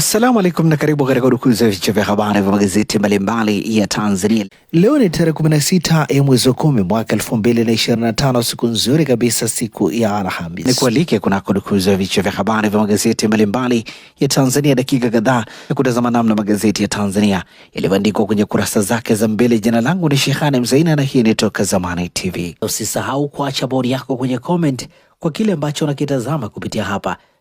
Assalamu alaikum na karibu katika udukuzi ya vichwa vya habari vya magazeti mbalimbali ya Tanzania. Leo ni tarehe 16 ya mwezi wa kumi mwaka 2025, siku nzuri kabisa, siku ya Alhamisi. Ni kualike kunako udukuzi ya vichwa vya habari vya magazeti mbalimbali ya Tanzania, dakika kadhaa ya kutazama namna magazeti ya Tanzania yalivyoandikwa kwenye kurasa zake za mbele. Jina langu ni Shehane Mzaina na hii ni Toka Zamani TV. Usisahau kuacha bodi yako kwenye comment kwa kile ambacho unakitazama kupitia hapa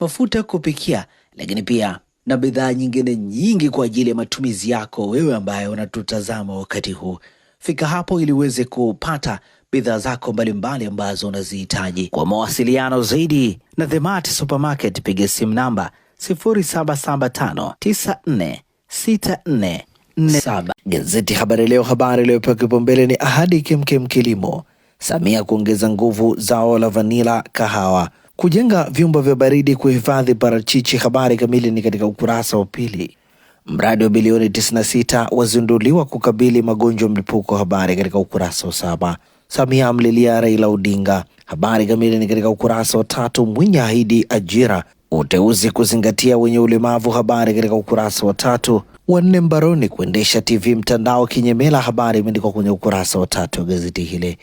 mafuta kupikia, lakini pia na bidhaa nyingine nyingi kwa ajili ya matumizi yako wewe ambaye unatutazama wakati huu. Fika hapo ili uweze kupata bidhaa zako mbalimbali ambazo unazihitaji. Kwa mawasiliano zaidi na Themart Supermarket piga simu namba 0775946447. Gazeti Habari Leo, habari iliyopewa kipaumbele ni ahadi kemkem kilimo, Samia kuongeza nguvu zao la vanila kahawa Kujenga vyumba vya baridi kuhifadhi parachichi. Habari kamili ni katika ukurasa wa pili. Mradi wa bilioni 96 wazinduliwa kukabili magonjwa mlipuko. Habari katika ukurasa wa saba. Samia amlilia Raila Odinga. Habari kamili ni katika ukurasa wa tatu. Mwinyi ahidi ajira, uteuzi kuzingatia wenye ulemavu. Habari katika ukurasa wa tatu. Wanne mbaroni kuendesha TV mtandao kinyemela. Habari imeandikwa kwenye ukurasa wa tatu wa gazeti hili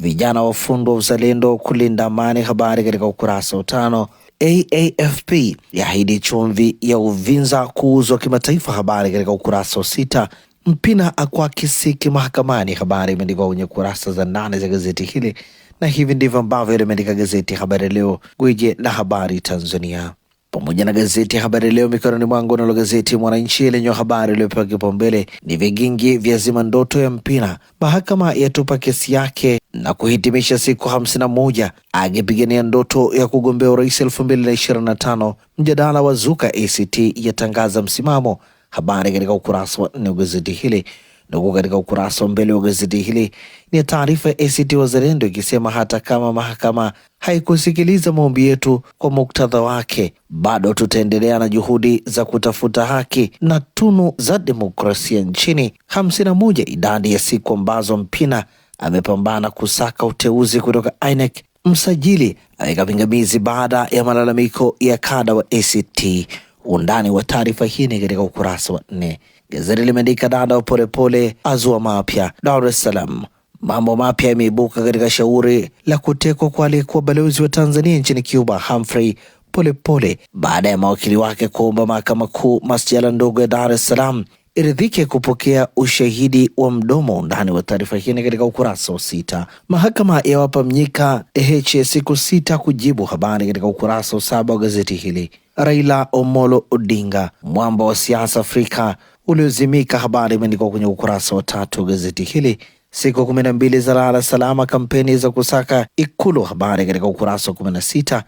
vijana wafundwa uzalendo kulinda amani. Habari katika ukurasa wa tano. AAFP yaahidi chumvi ya Uvinza kuuzwa kimataifa. Habari katika ukurasa wa sita. Mpina akwakisiki mahakamani. Habari imeandikwa kwenye kurasa za ndani za gazeti hili, na hivi ndivyo ambavyo limeandika gazeti Habari Leo, gwiji la habari Tanzania pamoja na gazeti ya Habari Leo mikononi mwangu. Nalo gazeti Mwananchi lenye habari iliyopewa kipaumbele ni vigingi vya zima ndoto ya mpira, mahakama yatupa kesi yake na kuhitimisha siku hamsini na moja akipigania ndoto ya kugombea urais elfu mbili na ishirini na tano mjadala wa zuka, ACT yatangaza msimamo. Habari katika ukurasa wa nne wa gazeti hili Nukuu katika ukurasa wa mbele wa gazeti hili ni taarifa ya ACT Wazalendo ikisema hata kama mahakama haikusikiliza maombi yetu kwa muktadha wake, bado tutaendelea na juhudi za kutafuta haki na tunu za demokrasia nchini. hamsini na moja idadi ya siku ambazo Mpina amepambana kusaka uteuzi kutoka INEC. Msajili aweka pingamizi baada ya malalamiko ya kada wa ACT. Undani wa taarifa hii ni katika ukurasa wa nne. Gazeti limeandika dada Polepole azua mapya Dar es Salaam. Mambo mapya yameibuka katika shauri la kutekwa kwa aliyekuwa balozi wa Tanzania nchini Cuba Humphrey Polepole baada ya mawakili wake kuomba mahakama kuu masjala ndogo ya Dar es Salaam iridhike kupokea ushahidi wa mdomo. Undani wa taarifa hii ni katika ukurasa wa sita. Mahakama yawapa Mnyika h siku sita kujibu, habari katika ukurasa wa saba wa gazeti hili. Raila Omolo Odinga mwamba wa siasa Afrika uliozimika. Habari imeandikwa kwenye ukurasa wa tatu wa gazeti hili. Siku kumi na mbili za lala salama, kampeni za kusaka Ikulu, habari katika ukurasa wa kumi na sita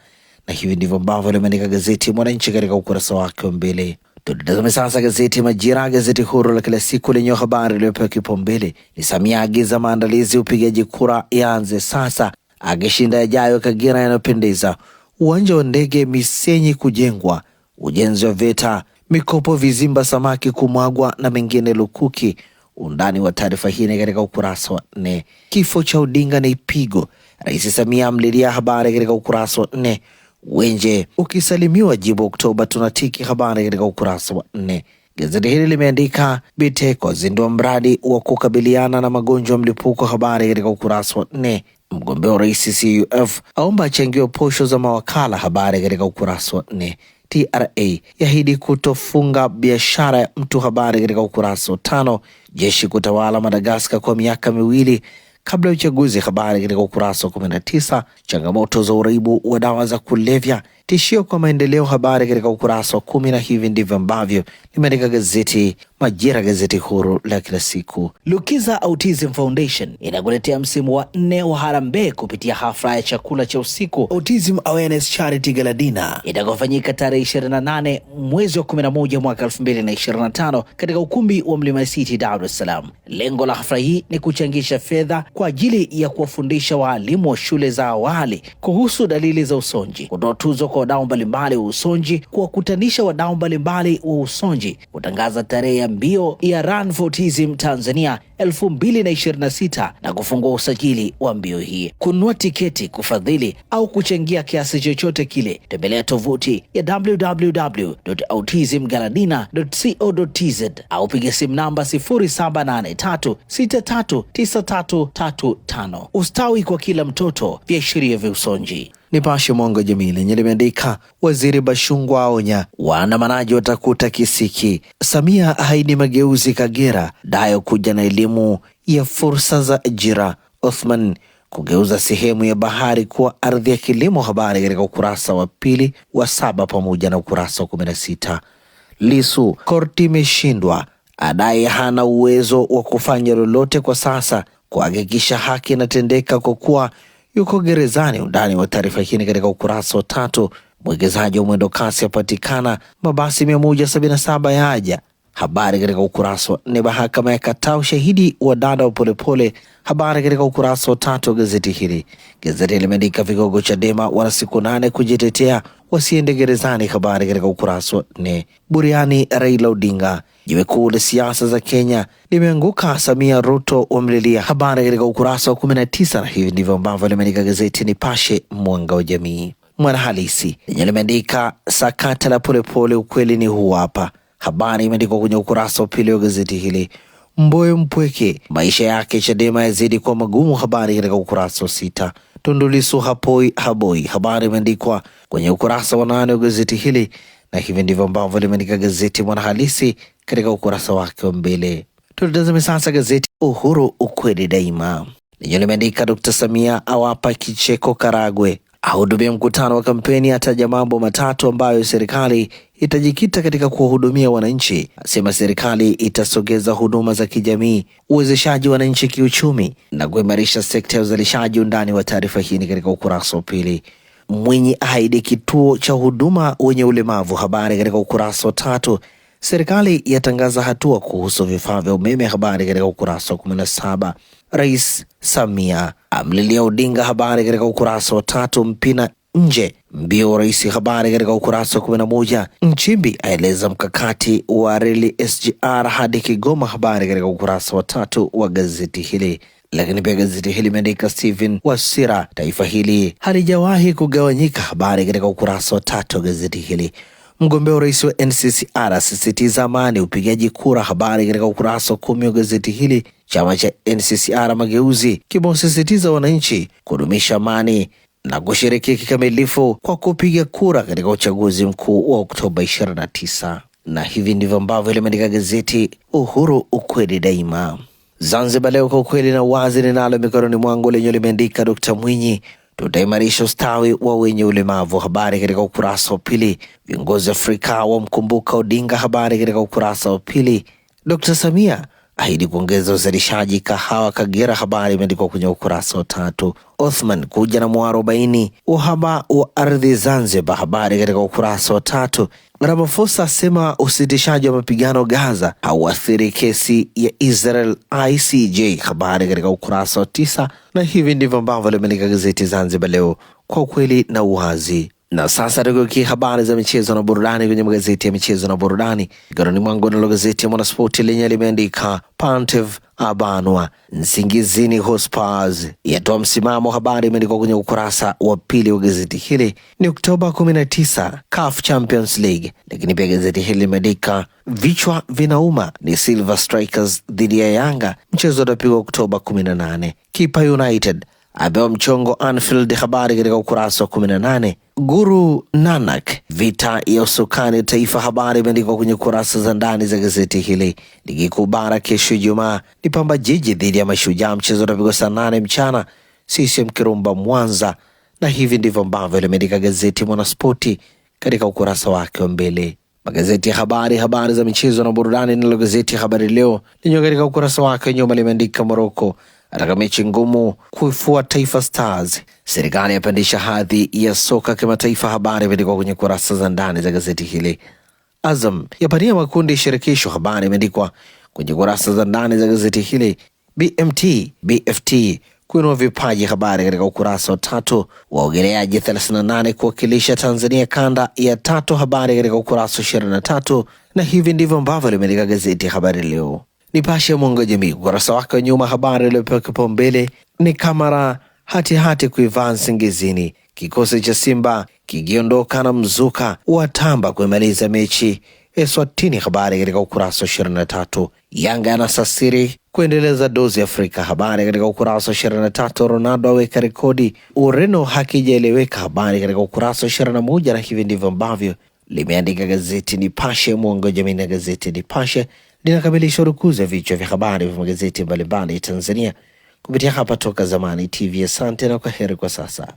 na hivi ndivyo ambavyo limeandika gazeti Mwananchi katika ukurasa wake wa mbele. Tutazame sasa gazeti Majira, gazeti huru la kila siku lenye habari iliyopewa kipaumbele ni Samia agiza maandalizi upigaji kura yaanze sasa, akishinda yajayo Kagera yanayopendeza, uwanja wa ndege Misenyi kujengwa, ujenzi wa VETA mikopo, vizimba, samaki kumwagwa na mengine lukuki. Undani wa taarifa hii ni katika ukurasa wa nne. Kifo cha Odinga ni pigo, Rais Samia amlilia, habari katika ukurasa wa nne. Wenje ukisalimiwa jibu Oktoba tunatiki, habari katika ukurasa wa nne. Gazeti hili limeandika Biteko zindua mradi wa kukabiliana na magonjwa mlipuko, habari katika ukurasa wa nne. Mgombea wa rais CUF aomba achangiwe posho za mawakala, habari katika ukurasa wa nne. TRA yahidi kutofunga biashara ya mtu. Habari katika ukurasa wa tano. Jeshi kutawala Madagaskar kwa miaka miwili kabla ya uchaguzi. Habari katika ukurasa wa kumi na tisa. Changamoto za uraibu wa dawa za kulevya tishio kwa maendeleo, habari katika ukurasa wa kumi, na hivi ndivyo ambavyo limeandika gazeti Majira, gazeti huru la kila siku. Lukiza Autism Foundation inakuletea msimu wa nne wa harambee kupitia hafla ya chakula cha usiku Autism Awareness Charity galadina itakofanyika tarehe 28 mwezi wa 11 mwaka 2025 katika ukumbi wa Mlima City, Dar es Salaam. Lengo la hafla hii ni kuchangisha fedha kwa ajili ya kuwafundisha waalimu wa shule za awali kuhusu dalili za usonji, kutoa tuzo kwa wadau mbalimbali wa usonji, kuwakutanisha wadau mbalimbali wa usonji, kutangaza tarehe ya mbio ya Run for Autism Tanzania 2026 na kufungua usajili wa mbio hii. Kununua tiketi, kufadhili au kuchangia kiasi chochote kile, tembelea tovuti ya www.autismgaladina.co.tz au piga simu namba 0783639335. Ustawi kwa kila mtoto, viashiria vya usonji. Nipashe Mwanga Jamii lenye limeandika waziri Bashungwa aonya waandamanaji watakuta kisiki, Samia haidi mageuzi Kagera, Dayo kuja na elimu ya fursa za ajira, Othman kugeuza sehemu ya bahari kuwa ardhi ya kilimo. Habari katika ukurasa wa pili wa saba pamoja na ukurasa wa kumi na sita. Lisu, korti imeshindwa adai hana uwezo wa kufanya lolote kwa sasa kuhakikisha haki inatendeka kwa kuwa yuko gerezani. Undani wa taarifa hii katika ukurasa wa tatu. Mwekezaji wa mwendo kasi apatikana, mabasi 177 yaja Habari katika ukurasa wa nne. Mahakama yakataa ushahidi wa dada wa Polepole. Habari katika ukurasa wa tatu wa gazeti hili. Gazeti limeandika vigogo Chadema wana siku nane kujitetea, wasiende gerezani. Habari katika ukurasa wa nne. Buriani Raila Odinga, jiwe kuu la siasa za Kenya limeanguka, Samia Ruto wamlilia. Habari katika ukurasa wa kumi na tisa. Na hivi ndivyo ambavyo limeandika gazeti Nipashe, mwanga wa jamii. Mwanahalisi lenye limeandika sakata la Polepole, ukweli ni huu hapa Habari imeandikwa kwenye ukurasa wa pili wa gazeti hili. mboyo mpweke maisha yake Chadema yazidi kuwa magumu, habari katika ukurasa wa sita. Tundu Lissu hapoi haboi, habari imeandikwa kwenye ukurasa wa nane wa gazeti hili, na hivi ndivyo ambavyo limeandika gazeti Mwanahalisi katika ukurasa wake wa mbele. Tutazame sasa gazeti Uhuru ukweli daima lenye limeandika Dr Samia awapa kicheko Karagwe, ahudumia mkutano wa kampeni, ataja mambo matatu ambayo serikali itajikita katika kuwahudumia wananchi. Asema serikali itasogeza huduma za kijamii, uwezeshaji wananchi kiuchumi na kuimarisha sekta ya uzalishaji. Undani wa taarifa hii ni katika ukurasa wa pili. Mwinyi ahidi kituo cha huduma wenye ulemavu, habari katika ukurasa wa tatu. Serikali yatangaza hatua kuhusu vifaa vya umeme. Habari katika ukurasa wa saba Rais Samia amlilia Odinga. Habari katika ukurasa wa tatu. Mpina nje mbio rais. Habari katika ukurasa wa moja. Nchimbi aeleza mkakati wa reli SGR hadi Kigoma. Habari katika ukurasa wa tatu wa gazeti hili lakini pia gazeti hili imeandika Stephen Wasira, taifa hili halijawahi kugawanyika. Habari katika ukurasa wa tatu wa gazeti hili. Mgombea urais wa NCCR asisitiza amani upigaji kura. Habari katika ukurasa wa kumi wa gazeti hili. Chama cha NCCR Mageuzi kimewasisitiza wananchi kudumisha amani na kushiriki kikamilifu kwa kupiga kura katika uchaguzi mkuu wa Oktoba 29. Na hivi ndivyo ambavyo limeandika gazeti Uhuru, ukweli daima. Zanzibar Leo, kwa ukweli na wazi ninalo mikononi mwangu lenye limeandika Dkt Mwinyi tutaimarisha ustawi wa wenye ulemavu. Habari katika ukurasa wa pili. Viongozi Afrika wamkumbuka Odinga. Habari katika ukurasa wa pili. Dr. Samia ahidi kuongeza uzalishaji kahawa Kagera. Habari imeandikwa kwenye ukurasa wa tatu. Othman kuja na mwarobaini uhaba wa ardhi Zanzibar, habari katika ukurasa wa tatu. Ramaphosa asema usitishaji wa mapigano Gaza hauathiri kesi ya Israel ICJ, habari katika ukurasa wa tisa. Na hivi ndivyo ambavyo limeandika gazeti Zanzibar Leo, kwa ukweli na uwazi. Na sasa tukiukia habari za michezo na burudani kwenye magazeti ya michezo na burudani, garoni mwangu nalo gazeti ya Mwanaspoti lenye limeandika Pantev abanwa Nsingizini Hospitals yatoa msimamo. Habari imeandikwa kwenye ukurasa wa pili wa gazeti hili. Ni Oktoba 19 CAF Champions League, lakini pia gazeti hili limeandika vichwa vinauma, ni Silver Strikers dhidi ya Yanga, mchezo utapigwa Oktoba 18. Kipa United apewa mchongo Anfield, habari katika ukurasa wa 18. Guru Nanak, vita ya usukani taifa. Habari imeandikwa kwenye kurasa za ndani za gazeti hili. Ligi kuu bara kesho Ijumaa ni Pamba Jiji dhidi ya Mashujaa, mchezo utapigwa saa nane mchana CCM Kirumba, Mwanza. Na hivi ndivyo ambavyo limeandika gazeti Mwanaspoti katika ukurasa wake wa mbele. Magazeti ya habari, habari za michezo na burudani, nalo gazeti ya Habari Leo lenyewe katika ukurasa wake wa nyuma limeandika Moroko katika mechi ngumu kuifua Taifa Stars. Serikali yapandisha hadhi ya soka kimataifa. Habari imeandikwa kwenye kurasa za ndani za gazeti hili. Azam yapania makundi shirikisho. Habari imeandikwa kwenye kurasa za ndani za gazeti hili. BMT BFT kuinua vipaji, habari katika ukurasa wa tatu. Waogeleaji 38 kuwakilisha Tanzania kanda ya tatu, habari katika ukurasa wa 23, na hivi ndivyo ambavyo limeandika gazeti Habari Leo. Nipashe mwanga wa jamii ukurasa wake wa nyuma, habari iliyopewa kipaumbele ni Kamara hatihati kuivaa Nsingizini, kikosi cha Simba kikiondoka na mzuka wa tamba kuimaliza mechi Eswatini. Habari katika ukurasa wa ishirini na tatu. Yanga yanasasiri kuendeleza dozi Afrika. Habari katika ukurasa wa ishirini na tatu. Ronaldo aweka rekodi Ureno hakijaeleweka. Habari katika ukurasa wa ishirini na moja. Na hivi ndivyo ambavyo limeandika gazeti Nipashe mwongo jamii na gazeti Nipashe linakamilisha rukuzi ya vichwa vya habari vya magazeti mbalimbali Tanzania kupitia hapa Toka Zamani TV. Asante na kwa heri kwa sasa.